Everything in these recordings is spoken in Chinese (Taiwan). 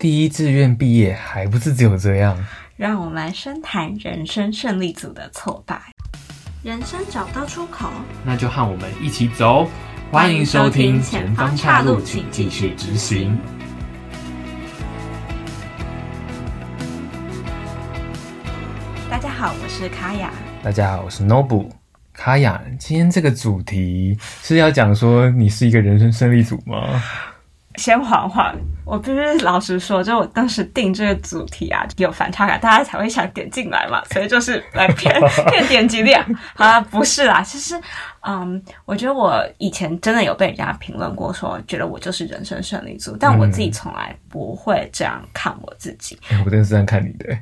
第一志願畢業還不是只有這樣？讓我們來深談人生勝利組的挫敗，人生找不到出口，那就和我們一起走。歡迎收聽，前方岔路，請繼續直行。大家好，我是卡雅。大家好，我是 Nobu。卡雅，今天這個主題是要講說，你是一個人生勝利組嗎？先緩緩，我不是老實說，就我當時定這個主題啊，有反差感，大家才會想點進來嘛，所以就是來騙騙 點擊量、啊。好啦、啊，不是啦，其實，嗯，我覺得我以前真的有被人家評論過說，說覺得我就是人生勝利組，但我自己從來不會這樣看我自己。嗯欸、我真的是這樣看你的、欸。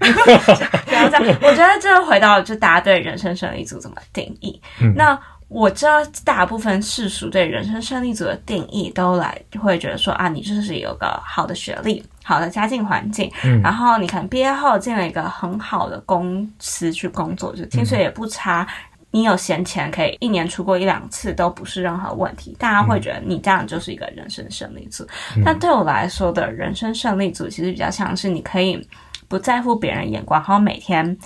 不要 這，這樣。我覺得這回到就大家對人生勝利組怎麼定義？嗯，那。我知道大部分世俗對人生勝利組的定義都來，會覺得說啊，你就是有個好的學歷，好的家境環境，嗯、然後你看畢業後進了一個很好的公司去工作，就薪水也不差，嗯、你有閒錢可以一年出國一兩次都不是任何問題。嗯、大家會覺得你這樣就是一個人生勝利組，嗯、但對我來說的人生勝利組其實比較像是你可以不在乎別人眼光，然後每天。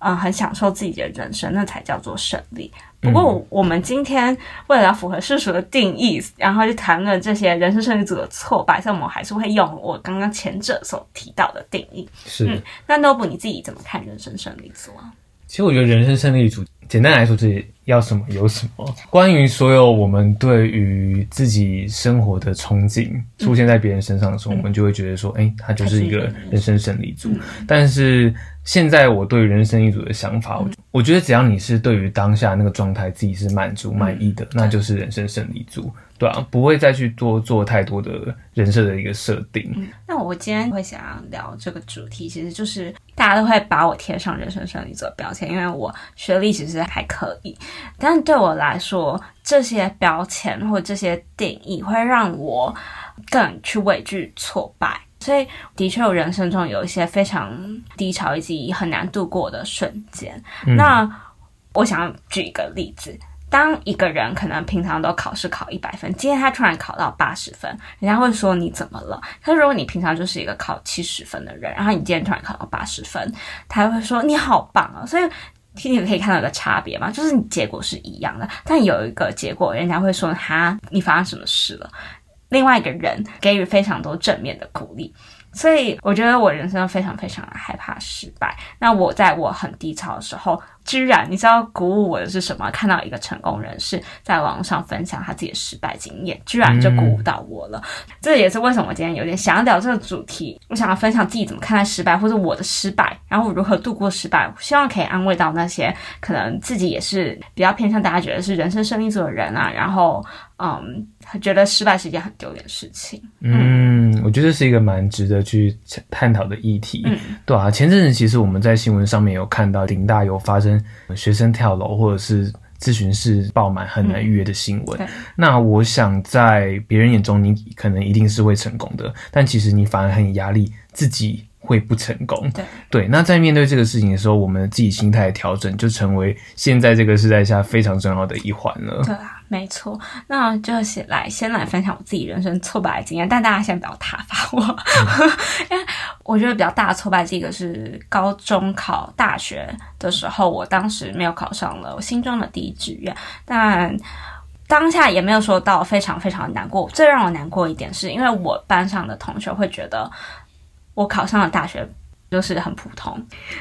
嗯、呃，很享受自己的人生，那才叫做勝利。不過，我們今天為了要符合世俗的定義，嗯、然後去談論這些人生勝利組的挫敗，所以我們還是會用我剛剛前者所提到的定義。是、嗯，那 Nobu，你自己怎麼看人生勝利組啊？其實我覺得人生勝利組，簡單來說是要什麼有什麼。關於所有我們對於自己生活的憧憬出現在別人身上的時候，嗯、我們就會覺得說，哎、欸，他就是一個人生勝利組。嗯、但是現在我對人生勝利組的想法，我、嗯、我覺得只要你是對於當下那個狀態自己是滿足滿意的，嗯、那就是人生勝利組。對啊，不會再去多做，做太多的人設的一個設定。嗯、那我今天會想要聊這個主題，其實就是大家都會把我貼上「人生勝利組」標籤，因為我學歷其實還可以，但對我來說，這些標籤或這些定義會讓我更去畏懼挫敗。所以，的確，我人生中有一些非常低潮以及很難度過的瞬間。嗯、那我想舉一個例子。當一個人可能平常都考試考一百分，今天他突然考到八十分，人家會說你怎麼了？他說，如果你平常就是一個考七十分的人，然後你今天突然考到八十分，他會說你好棒啊、哦！所以，其實你可以看到一個差別嘛，就是你結果是一樣的，但有一個結果，人家會說哈，你發生什麼事了？另外一個人給予非常多正面的鼓勵，所以我覺得我人生非常非常害怕失敗。那我在我很低潮的時候，居然你知道鼓舞我的是什麼？看到一個成功人士在網上分享他自己的失敗經驗，居然就鼓舞到我了。嗯、這也是為什麼我今天有點想要聊這個主題，我想要分享自己怎麼看待失敗，或者我的失敗，然後如何度過失敗。希望可以安慰到那些可能自己也是比較偏向大家覺得是人生勝利組的人啊。然後，嗯。覺得失敗是一件很丟臉的事情。嗯，嗯，我覺得這是一個蠻值得去探討的議題。嗯、對啊，前陣子其實我們在新聞上面有看到頂大有發生學生跳樓，或者是諮詢室爆滿很難預約的新聞。嗯、那我想在別人眼中，你可能一定是會成功的，但其實你反而很壓力，自己會不成功。對，對那在面對這個事情的時候，我們自己心態的調整就成為現在這個時代下非常重要的一環了。對啊。沒錯，那就先來先來分享我自己人生挫敗的經驗，但大家先不要撻伐我，嗯、 因為我覺得比較大的挫敗，這個是高中考大學的時候，我當時沒有考上了我心中的第一志願，但當下也沒有說到非常非常難過。最讓我難過一點，是因為我班上的同學會覺得我考上了大學。就是很普通，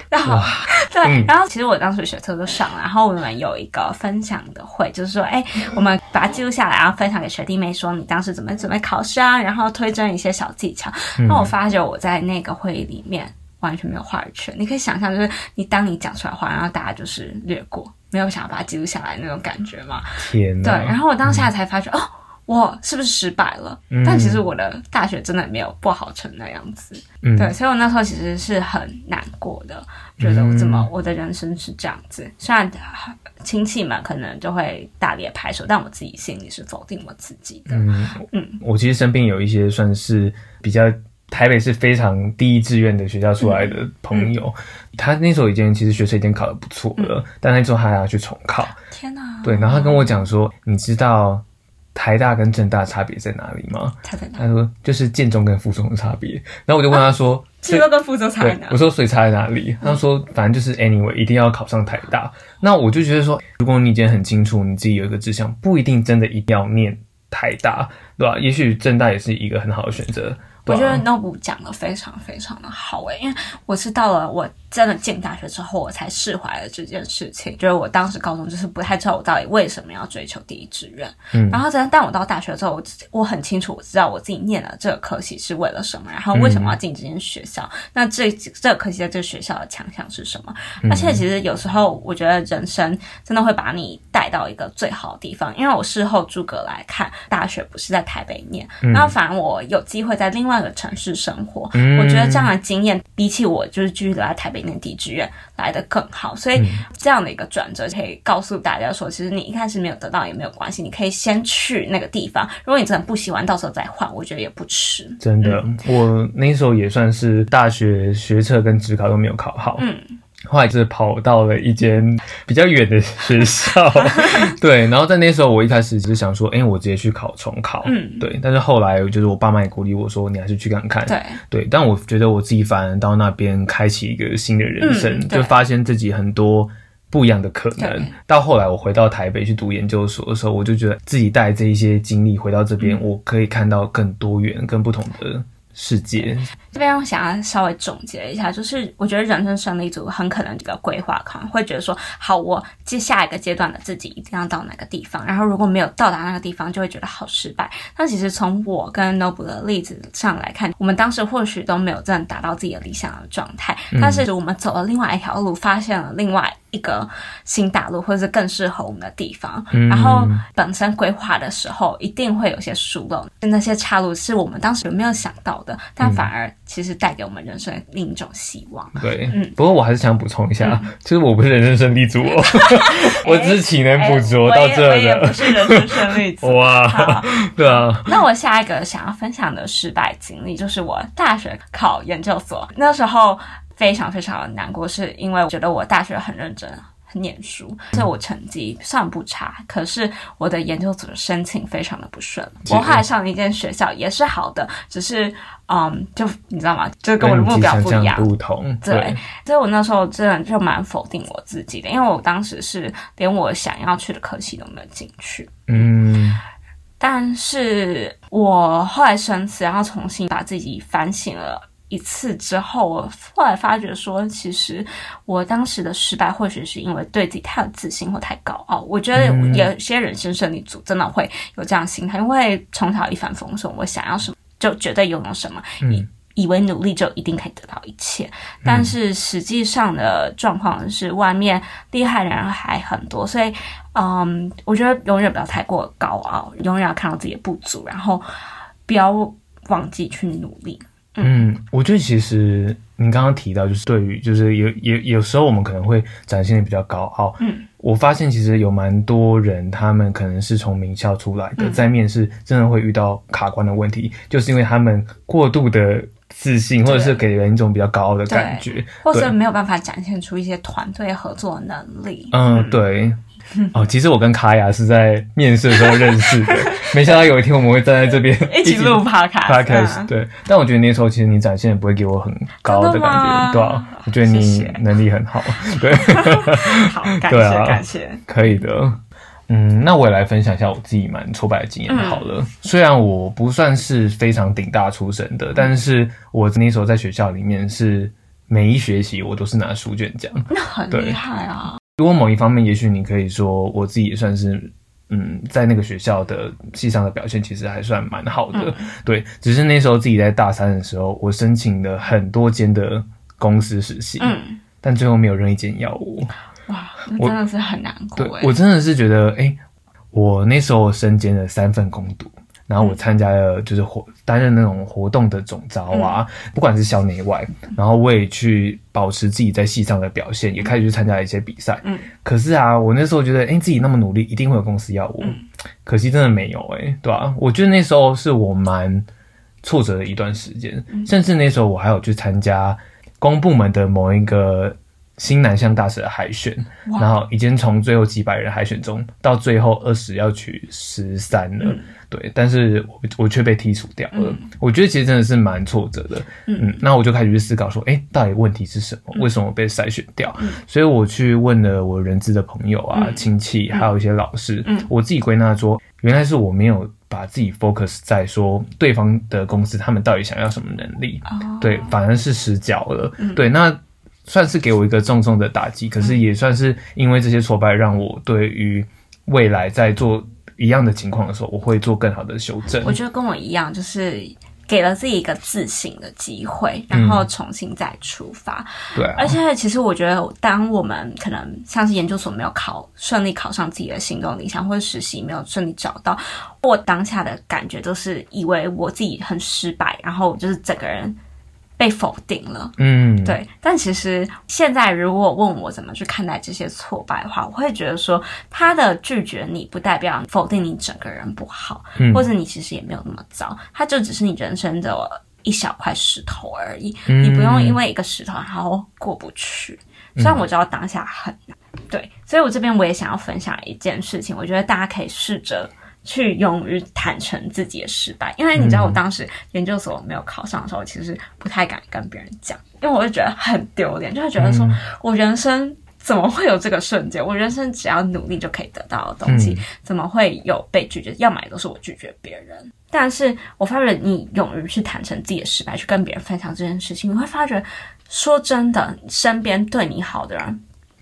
然後哇 對，嗯、然後其實我當時學測都上了，然後我們有一個分享的會，就是說，誒、哎，我們把它記錄下來，然後分享給學弟妹，說你當時怎麼準備考試啊，然後推薦一些小技巧。那、嗯、我發覺我在那個會議裡面完全沒有話語權，你可以想象，就是你當你講出來話，然後大家就是略過，沒有想要把它記錄下來的那種感覺嘛。天哪，對，然後我當下才發覺、嗯、哦。哇，是不是失敗了？但其實我的大學真的沒有不好成那樣子。對，所以我那時候其實是很難過的，覺得我怎麼我的人生是這樣子？雖然親戚們可能就會大力拍手，但我自己心裡是否定我自己的。嗯，我其實身邊有一些算是比較台北市非常第一志願的學校出來的朋友，他那時候已經其實學測已經考得不錯了，但那時候他還要去重考。天哪！對，然後他跟我講說，你知道。台大跟政大差別在哪裡嗎？在哪裡？他說就是建中跟附中的差別。然後我就問他說，建中、啊、跟附中差在哪？我說水差在哪裡？嗯、他說反正就是 anyway，一定要考上台大。那我就覺得說，如果你已經很清楚你自己有一個志向，不一定真的一定要念台大，對吧、啊？也許政大也是一個很好的選擇。我覺得 Nobu 講的非常非常的好誒、欸，因為我是到了我真的進大學之後，我才釋懷了這件事情。就是我當時高中就是不太知道我到底為什麼要追求第一志願，嗯、然後在但我到大學之後，我我很清楚，我知道我自己念了這個科系是為了什麼，然後為什麼要進這間學校，嗯、那這這個科系在這個學校的強項是什麼？而且其實有時候我覺得人生真的會把你帶到一個最好的地方，因為我事後諸葛來看，大學不是在台北念，那反而我有機會在另外。的城市生活，嗯、我覺得這樣的經驗比起我就是繼續留在台北念地底志願來得更好，所以這樣的一個轉折可以告訴大家說，嗯、其實你一開始沒有得到也沒有關係，你可以先去那個地方，如果你真的不喜歡，到時候再換，我覺得也不遲。真的，嗯、我那時候也算是大學學測跟指考都沒有考好。嗯。後來是跑到了一間比較遠的學校， 對。然後在那時候，我一開始只是想說，哎、欸，我直接去考重考，嗯，對。但是後來，就是我爸媽也鼓勵我說，你還是去看看，對，對，但我覺得我自己反而到那邊開啟一個新的人生，嗯、就發現自己很多不一樣的可能。對到後來我回到台北去讀研究所的時候，我就覺得自己帶這一些經歷回到這邊，我可以看到更多元、更不同的。世界。這邊，我想要稍微總結一下，就是我覺得人生勝利組很可能這個規劃，可能會覺得說，好，我接下一個階段的自己一定要到哪個地方，然後如果沒有到達那個地方，就會覺得好失敗。那其實從我跟 Noble 的例子上來看，我們當時或許都沒有真的達到自己的理想的狀態，但是我們走了另外一條路，發現了另外。一個新大陸，或者是更適合我們的地方。嗯、然後本身規劃的時候，一定會有些疏漏，那些岔路，是我們當時沒有想到的，嗯、但反而其實帶給我們人生的另一種希望。對，嗯。不過我還是想補充一下，其實、嗯、我不是人生勝利組、哦， 我只是起能補足到這的。欸、我也，我也不是人生勝利組。 哇，好對啊。那我下一個想要分享的失敗經歷，就是我大學考研究所那時候。非常非常難過，是因為我覺得我大學很認真，很念書，所以我成績算不差。嗯、可是我的研究所申請非常的不順，其實我後來上了一間學校也是好的，只是嗯，就你知道嗎？就跟我的目標不一樣，不同。對，對所以我那時候真的就蠻否定我自己的，因為我當時是連我想要去的科系都沒有進去。嗯，但是我後來申請，然後重新把自己反省了。一次之後，我後來發覺說，其實我當時的失敗，或許是因為對自己太有自信或太高傲。我覺得有些人生勝利組真的會有這樣心態，嗯、因為從小一帆風順，我想要什麼就絕對擁有什麼，嗯、以為努力就一定可以得到一切。嗯、但是實際上的狀況是，外面厲害的人還很多。所以，嗯，我覺得永遠不要太過高傲，永遠要看到自己的不足，然後不要忘記去努力。嗯，我覺得其實您剛剛提到，就是對於，就是有有有時候我們可能會展現的比較高傲。嗯，我發現其實有蠻多人，他們可能是從名校出來的，嗯，在面試真的會遇到卡關的問題，就是因為他們過度的自信，或者是給人一種比較高傲的感覺，對或是沒有辦法展現出一些團隊合作能力。嗯，嗯對。哦，其實我跟卡雅是在面試的時候認識的，沒想到有一天我們會站在這邊一起錄 Podcast。Podcast，對。但我覺得那時候其實你展現也不會給我很高的感覺，對啊，我覺得你能力很好，對。好，感謝感謝，可以的。嗯，那我也來分享一下我自己蠻挫敗的經驗好了。雖然我不算是非常頂大出身的，但是我那時候在學校裡面是每一學期我都是拿書卷獎，那很厲害啊。如果某一方面，也許你可以說我自己也算是，嗯，在那個學校的系上的表現其實還算蠻好的，嗯、對。只是那時候自己在大三的時候，我申請了很多間的公司實習，嗯，但最後沒有任一間要我。哇，那真的是很難過。對，我真的是覺得，哎、欸，我那時候我身兼了三份工讀。然後我參加了，就是活擔任那種活動的總召啊，嗯、不管是校內外。嗯、然後我也去保持自己在戲上的表現，嗯、也開始去參加一些比賽。嗯，可是啊，我那時候覺得，哎、欸，自己那麼努力，一定會有公司要我。嗯、可惜真的沒有、欸，哎，對吧、啊？我覺得那時候是我蠻挫折的一段時間，嗯、甚至那時候我還有去參加公部門的某一個。新南向大使的海選，然後已經從最後幾百人海選中，到最後二十要取十三了。對，但是我卻被剔除掉了。我覺得其實真的是蠻挫折的。嗯，那我就開始去思考說，哎，到底問題是什麼？為什麼被篩選掉？所以我去問了我人資的朋友啊、親戚，還有一些老師。我自己歸納說，原來是我沒有把自己 focus 在說對方的公司他們到底想要什麼能力。對，反而是失焦了。對，那。算是給我一個重重的打擊，可是也算是因為這些挫敗，讓我對於未來在做一樣的情況的時候，我會做更好的修正。我覺得跟我一樣，就是給了自己一個自省的機會，然後重新再出發。嗯、對、啊，而且其實我覺得，當我們可能像是研究所沒有考順利考上自己的心中理想，或者實習沒有順利找到，我當下的感覺都是以為我自己很失敗，然後就是整個人。被否定了，嗯，對。但其實現在如果問我怎麼去看待這些挫敗的話，我會覺得說，他的拒絕你不代表否定你整個人不好，嗯、或者你其實也沒有那麼糟，他就只是你人生的一小塊石頭而已。嗯、你不用因為一個石頭然後過不去。雖然、嗯、我知道當下很難，對，所以我這邊我也想要分享一件事情，我覺得大家可以試着。去勇於坦誠自己的失敗，因為你知道我當時研究所沒有考上的時候，嗯、我其實不太敢跟別人講，因為我會覺得很丟臉，就會覺得說我人生怎麼會有這個瞬間？嗯、我人生只要努力就可以得到的東西，嗯、怎麼會有被拒絕？要麼也都是我拒絕別人。但是我發覺你勇於去坦誠自己的失敗，去跟別人分享這件事情，你會發覺說真的，身邊對你好的人。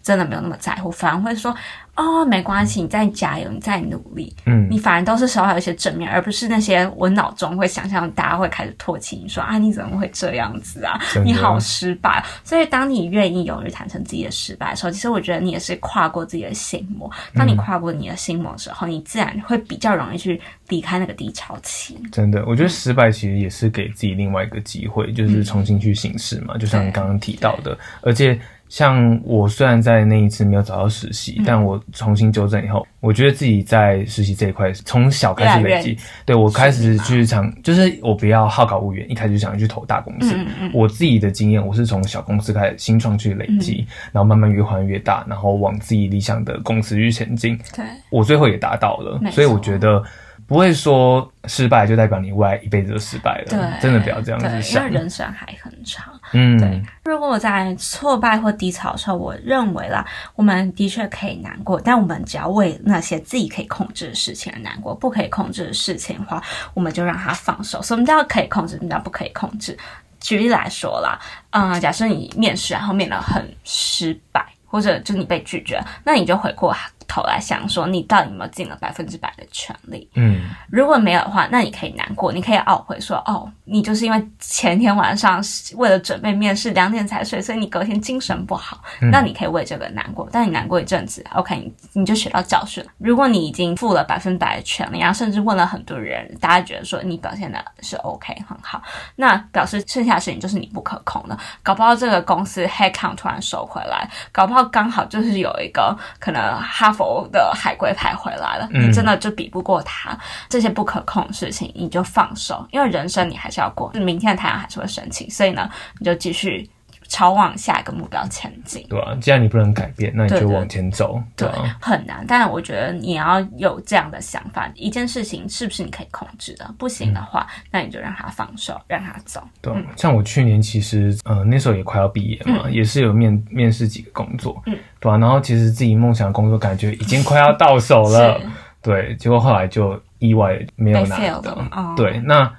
真的沒有那麼在乎，反而會說：“哦，沒關係，你再加油，你再努力，嗯，你反而都是稍微有一些正面，而不是那些我腦中會想象大家會開始唾棄你說，說啊你怎麼會這樣子啊，你好失敗。”所以當你願意勇於坦誠自己的失敗的時候，其實我覺得你也是跨過自己的心魔。當你跨過你的心魔的時候，嗯、你自然會比較容易去離開那個低潮期。真的，我覺得失敗其實也是給自己另外一個機會，嗯、就是重新去行事嘛。嗯、就像你剛剛提到的，對而且。像我雖然在那一次沒有找到實習，但我重新糾正以後，我覺得自己在實習這一塊從小開始累積，越來越對我開始去想是嗎？就是我不要好高騖遠，一開始就想去投大公司。嗯嗯嗯我自己的經驗，我是從小公司開始新創去累積，嗯嗯然後慢慢越換越大，然後往自己理想的公司去前進。對，Okay. 我最後也達到了，所以我覺得。不會說失敗就代表你未來一輩子都失敗了，對真的不要這樣子想，因為人生還很長。嗯對，如果我在挫敗或低潮的時候，我認為啦，我們的確可以難過，但我們只要為那些自己可以控制的事情而難過，不可以控制的事情的話，我們就讓它放手。什麼叫可以控制？什麼叫不可以控制？舉例來說啦，嗯、呃，假設你面試然後面的很失敗，或者就你被拒絕，那你就回過頭來想說，你到底有沒有盡了百分之百的全力？嗯，如果沒有的話，那你可以難過，你可以懊悔說，說哦，你就是因為前天晚上為了準備面試兩點才睡，所以你隔天精神不好。嗯，那你可以為這個難過，但你難過一陣子，OK，你，你就學到教訓了。如果你已經付了百分百的全力啊，然後甚至問了很多人，大家覺得說你表現的是 OK 很好，那表示剩下的事情就是你不可控的。搞不好這個公司 head count 突然收回來，搞不好剛好就是有一個可能 half。佛的海歸派回來了，你真的就比不過他。嗯、這些不可控的事情，你就放手，因為人生你還是要過，是明天的太陽還是會升起，所以呢，你就繼續。朝往下一個目標前進。對啊，既然你不能改變，那你就往前走。對，很難，但我覺得你要有這樣的想法。一件事情是不是你可以控制的？不行的話，嗯、那你就讓他放手，讓他走。對、啊，嗯、像我去年其實，嗯、呃，那時候也快要畢業嘛，嗯、也是有面面試幾個工作，嗯、對、啊、然後其實自己夢想的工作感覺已經快要到手了， 是對，結果後來就意外沒有拿到。嗯、對，那。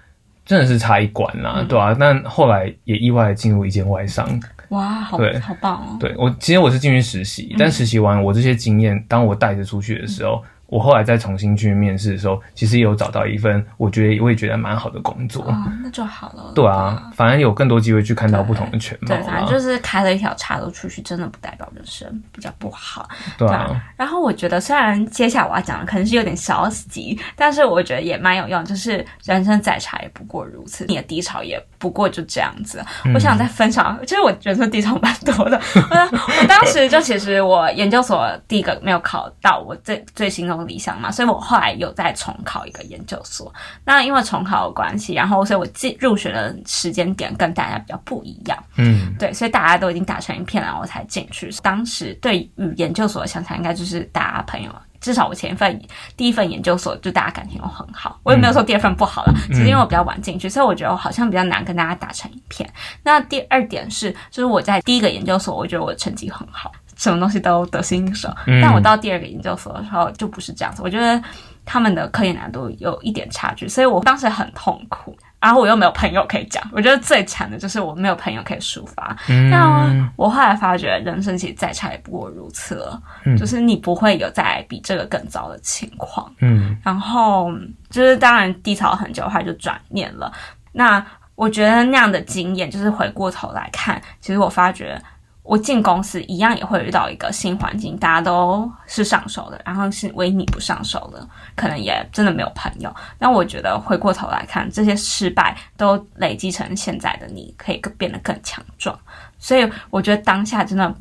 真的是差一管啦，嗯、對啊。但後來也意外進入一間外商，哇，好，對，好棒哦！對我，其實我是進去實習，嗯、但實習完我這些經驗，當我帶着出去的時候。嗯我後來再重新去面試的時候，其實也有找到一份我覺得我也覺得蠻好的工作。哦、那就好了、了。對啊，反正有更多機會去看到不同的全貌。對，反正就是開了一條岔路出去，真的不代表人生比較不好。對啊。對啊，然後我覺得，雖然接下來我要講的可能是有點消極，但是我覺得也蠻有用，就是人生再差也不過如此，你的低潮也不過就這樣子。嗯、我想再分享，其、就、實、是、我覺得低潮蠻多的。我， 我當時就其實我研究所第一個沒有考到，我最最新的。理想嘛，所以我後來有再重考一個研究所。那因為重考的關係，然後所以我進入學的時間點跟大家比較不一樣。嗯，對，所以大家都已經打成一片了，我才進去。當時對於研究所的想像，應該就是大家朋友。至少我前一份第一份研究所，就大家感情都很好。我也沒有說第二份不好了，只是、嗯、因為我比較晚進去，所以我覺得好像比較難跟大家打成一片。那第二點是，就是我在第一個研究所，我覺得我成績很好。什麼東西都得心應手，但我到第二個研究所的時候就不是這樣子。嗯、我覺得他們的科研難度有一點差距，所以我當時很痛苦，然後我又沒有朋友可以講。我覺得最慘的就是我沒有朋友可以抒發。那、嗯、我後來發覺，人生其實再差也不過如此了，嗯、就是你不會有再比這個更糟的情況。嗯，然後就是當然低潮很久的話就轉念了。那我覺得那樣的經驗，就是回過頭來看，其實我發覺。我進公司一樣也會遇到一個新環境，大家都是上手的，然後是唯你不上手的，可能也真的沒有朋友。那我覺得回過頭來看，這些失敗都累積成現在的你，可以變得更強壯。所以我覺得當下真的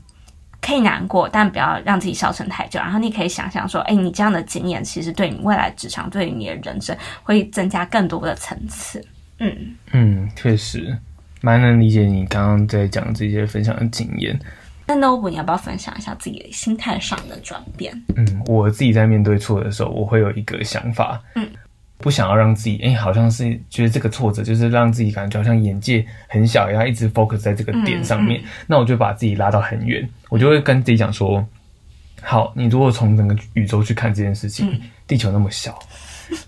可以難過，但不要讓自己消沉太久。然後你可以想想說，哎、欸，你這樣的經驗其實對你未來職場、對於你的人生，會增加更多的層次。嗯嗯，確實。蠻能理解你剛剛在講這些分享的經驗。那 Nobu，你要不要分享一下自己心態上的轉變？嗯，我自己在面對錯的時候，我會有一個想法。嗯，不想要讓自己哎、欸，好像是覺得這個挫折就是讓自己感覺好像眼界很小，要一直 focus 在這個點上面。嗯嗯、那我就把自己拉到很遠，我就會跟自己講說：好，你如果從整個宇宙去看這件事情，嗯、地球那麼小，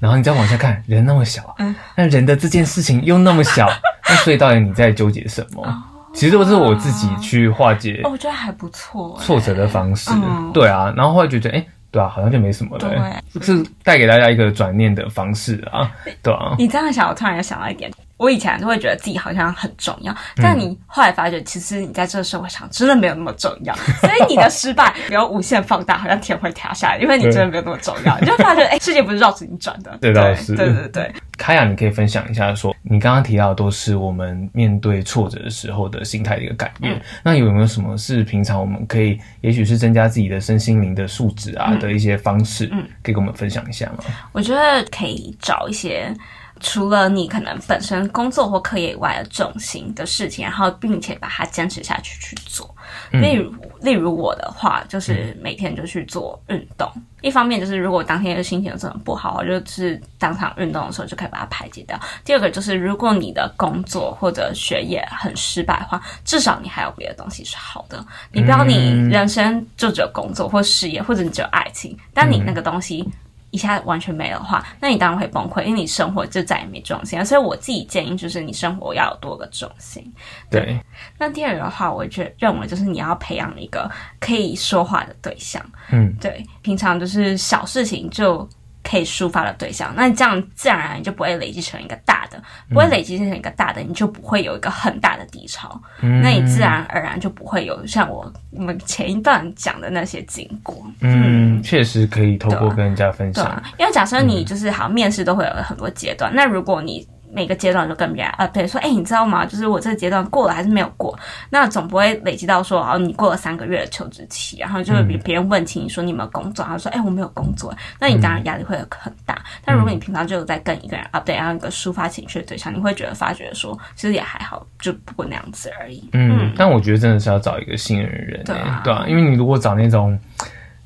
然後你再往下看， 人那麼小，嗯，那人的這件事情又那麼小。 啊、所以到底你在糾結什麼？哦、其實都是我自己去化解。哦，我覺得還不錯、欸，挫折的方式，對啊。然後後來覺得，哎、欸，對啊，好像就沒什麼了，對，是帶給大家一個轉念的方式啊，對啊。你這樣想，我突然又想到一點。我以前都會覺得自己好像很重要，但你後來發覺，其實你在這個社會上真的沒有那麼重要，嗯、所以你的失敗沒有無限放大，好像天會塌下來，因為你真的沒有那麼重要，對你就發覺、 欸，世界不是繞着你轉的。對，是，對對對。Kaya、嗯，aya，你可以分享一下說，說你剛剛提到的都是我們面對挫折的時候的心態的一個改變，嗯、那有沒有什麼是平常我們可以，也許是增加自己的身心靈的素質啊的一些方式，嗯，可以跟我們分享一下嗎？我覺得可以找一些。除了你可能本身工作或課業以外的重心的事情，然後並且把它堅持下去去做。例如，嗯、例如我的話，就是每天就去做運動。一方面就是，如果當天的心情有什麼不好，就是當場運動的時候就可以把它排解掉。第二個就是，如果你的工作或者學業很失敗的話，至少你還有別的東西是好的。你不要你人生就只有工作或事業，或者你只有愛情，嗯、但你那個東西。一下完全沒的話，那你當然會崩潰，因為你生活就再也沒重心了，啊。所以我自己建議就是，你生活要有多個重心。對。對，那第二個的話，我覺認為就是你要培養一個可以說話的對象。嗯，對。平常就是小事情就。可以抒發的對象，那你這樣自然而然就不會累積成一個大的，不會累積成一個大的，嗯、你就不會有一個很大的低潮，嗯、那你自然而然就不會有像我，我們前一段講的那些經過。嗯，確、嗯、實可以透過、對啊、跟人家分享。對啊、因為假設你就是好像面試都會有很多階段，嗯、那如果你。每個階段就跟別人 update，對，說哎，你知道嗎？就是我這個階段過了還是沒有過，那總不會累積到說哦，你過了三個月的求職期，然後就會被別人問起，你說你有沒有工作，然後說哎、欸，我沒有工作，那你當然壓力會很大。嗯、但如果你平常就有在跟一個人 update，啊，不對，然後一個抒發情緒的對象，嗯、你會覺得發覺說，其實也還好，就不過那樣子而已。嗯，嗯但我覺得真的是要找一個信任的人、欸，對啊，對啊，因為你如果找那種，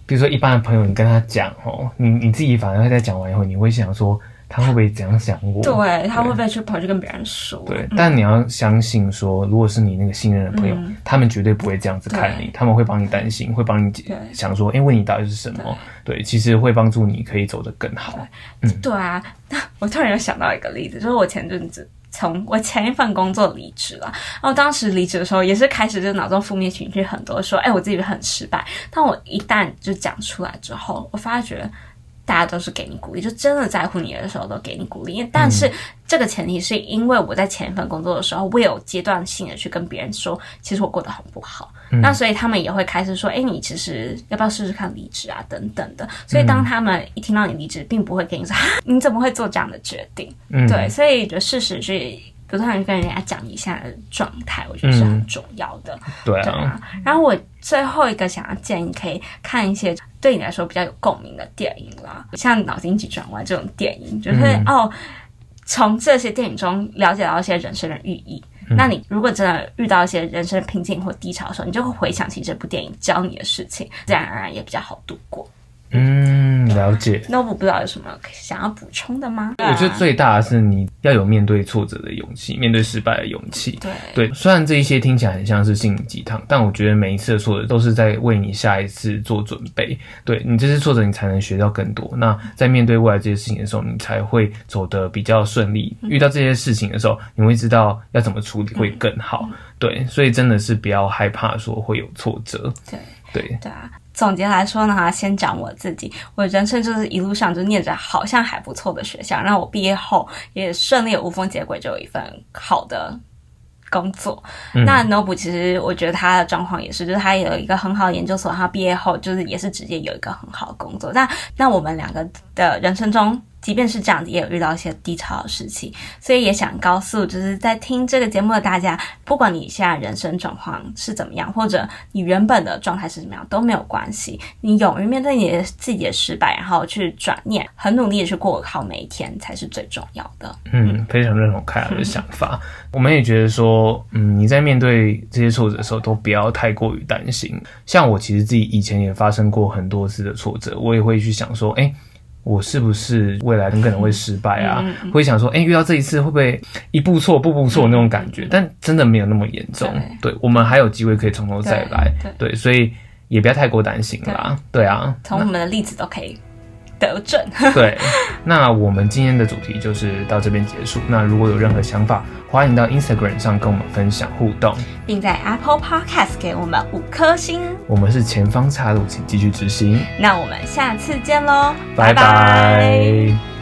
比如說一般的朋友，你跟他講哦，你你自己反而會在講完以後，你會想說。嗯他會不會這樣想我？對，他會不會去跑去跟別人說？對，嗯、但你要相信說，說如果是你那個信任的朋友，嗯、他們絕對不會這樣子看你，對他們會幫你擔心，對會幫你想說，因為對、欸、你到底是什麼？對，對，其實會幫助你可以走得更好。對嗯，對啊，我突然又想到一個例子，就是我前陣子從我前一份工作離職了，然後當時離職的時候，也是開始就腦中負面情緒很多，說哎、欸，我自己很失敗。但我一旦就講出來之後，我發覺。大家都是給你鼓勵，就真的在乎你的時候都給你鼓勵。因為但是這個前提是因為我在前一份工作的時候，我有階段性的去跟別人說，其實我過得很不好。嗯，那所以他們也會開始說，哎，你其實要不要試試看離職啊，等等的。所以當他們一聽到你離職，並不會跟你說，哈哈，你怎麼會做這樣的決定？對，所以就事實去。普通人跟人家講一下的狀態，我覺得是很重要的。嗯、對啊，然後我最後一個想要建議，可以看一些對你來說比較有共鳴的電影啦，像《腦筋急轉彎》這種電影，就是、嗯、哦，從這些電影中了解到一些人生的寓意。嗯、那你如果真的遇到一些人生的瓶頸或低潮的時候，你就會回想起這部電影教你的事情，自然而然也比較好度過。嗯，了解。那我不知道有什麼想要補充的嗎？我覺得最大的是你要有面對挫折的勇氣，對啊、面對失敗的勇氣。對、對，雖然這一些聽起來很像是心靈雞湯，但我覺得每一次的挫折都是在為你下一次做準備。對你這些挫折，你才能學到更多。那在面對未來這些事情的時候，你才會走得比較順利。嗯、遇到這些事情的時候，你會知道要怎麼處理會更好。嗯嗯、對，所以真的是不要害怕說會有挫折。對。對對啊，總結來說呢，先講我自己，我人生就是一路上就念着好像還不錯的學校，那我畢業後也順利無縫接軌就有一份好的工作。嗯、那 Nobu 其實我覺得他的狀況也是，就是他有一個很好的研究所，他畢業後就是也是直接有一個很好的工作。那那我們兩個的人生中。即便是這樣子，也有遇到一些低潮的事情，所以也想告訴就是在聽這個節目的大家，不管你現在人生狀況是怎麼樣，或者你原本的狀態是怎麼樣都沒有關係。你勇於面對你自己的失敗，然後去轉念，很努力的去過好每一天才是最重要的。嗯，非常認同凱爾的想法， 我們也覺得說，嗯，你在面對這些挫折的時候，都不要太過於擔心。像我其實自己以前也發生過很多次的挫折，我也會去想說，誒、欸……我是不是未來很可能會失敗啊？嗯嗯嗯、會想說，哎、欸，遇到這一次會不會一步錯步步錯那種感覺？嗯嗯嗯、但真的沒有那麼嚴重，對，對，我們還有機會可以從頭再來。對，對，對，所以也不要太過擔心啦。對，對啊，從我們的例子都可以。得呵呵對，那我們今天的主題就是到這邊結束。那如果有任何想法，歡迎到 Instagram 上跟我們分享互動，並在 Apple Podcast 給我們五顆星。我們是前方岔路，請繼續直行。那我們下次見嘍，拜拜。拜拜。